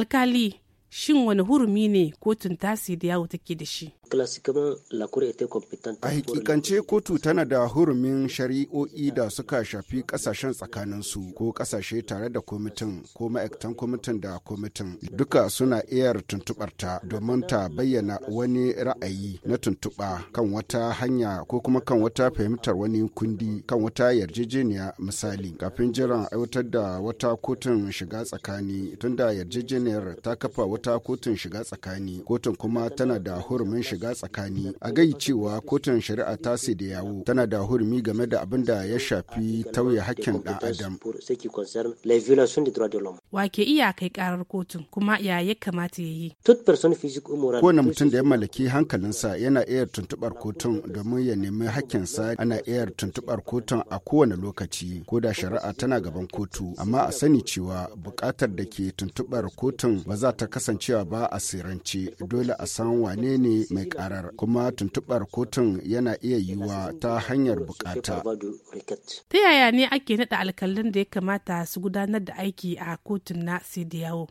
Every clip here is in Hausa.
alkali shin wani hurumi ne kotun tasi da yawo take da shi A hakikance kotu tana da hurumin shari'o'i da suka shafi kasashen su ko kasashe tare da kwamitin ko ma'aikatan kwamitin da kwamitin duka suna iya tuntubarta domin ta bayyana wani ra'ayi na tuntuɓa. kan wata hanya ko kuma kan wata fahimtar wani kundi kan wata yarjejeniya misali kafin jiran aiwatar da wata kotun shiga tsakani tunda yarjejeniyar ta kafa wata kotun shiga tsakani kotun kuma tana da hurumin shiga shiga tsakani a gai cewa kotun shari'a ta sai da yawo tana da hurumi game da abin da ya shafi tauye hakkin ɗan adam wa ke iya kai karar kotun kuma ya ya kamata ya yi kowane mutum da ya mallaki hankalinsa yana iya tuntubar kotun domin ya nemi hakkinsa ana iya tuntubar kotun a kowane lokaci ko da shari'a tana gaban kotu amma a sani cewa bukatar da ke tuntubar kotun ba za ta kasancewa ba a sirance dole a san wane ne mai karar kuma tuntubar kotun yana iya yiwa ta hanyar bukata. Ta yaya ne ake naɗa alkalin da ya kamata su gudanar da aiki a kotun na Sidiyawo?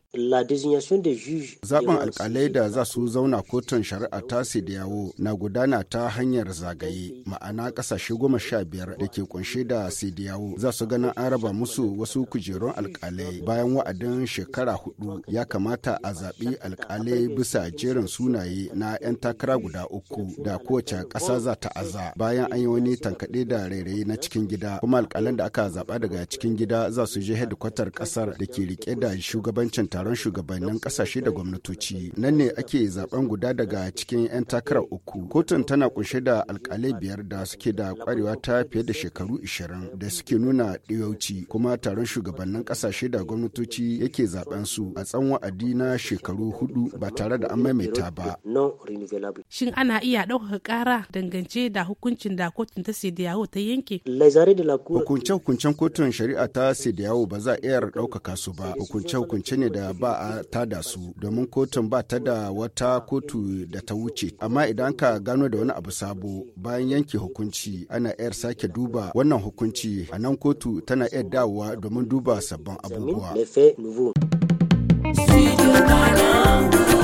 Zaben alkalai da za su zauna kotun shari'a ta Sidiyawo na gudana ta hanyar zagaye ma'ana ƙasashe goma sha biyar da ke kunshe da Sidiyawo za su ganin an raba musu wasu kujerun alkalai bayan wa'adin shekara hudu ya kamata a zaɓi alkalai bisa jerin sunaye na 'yan takarar shekara guda uku da kowace ƙasa za ta aza bayan an yi wani tankaɗe da rairayi na cikin gida kuma alƙalan da aka zaɓa daga cikin gida za su je hedikwatar ƙasar da ke rike da shugabancin taron shugabannin ƙasashe da gwamnatoci nan ne ake zaɓen guda daga cikin 'yan takarar uku kotun tana kunshe da alƙalai biyar da suke da ƙwarewa ta fiye da shekaru 20 da suke nuna ɗiyauci kuma taron shugabannin ƙasashe da gwamnatoci yake zaɓen su a tsawon wa'adi na shekaru hudu ba tare da an maimaita ba. shin ana iya ɗaukaka ƙara dangance da hukuncin da kotun ta sidiyawo ta yanke hukunce hukuncen kotun shari'a ta sidiyawo ba za a iya ɗaukaka su ba hukunce hukunce ne da ba a tada su domin kotun ba ta da wata kotu da ta wuce amma idan ka gano da wani abu sabo bayan yanke hukunci ana iya sake duba wannan hukunci a nan kotu tana iya dawowa domin duba sabbin abubuwa. Studio Ghana.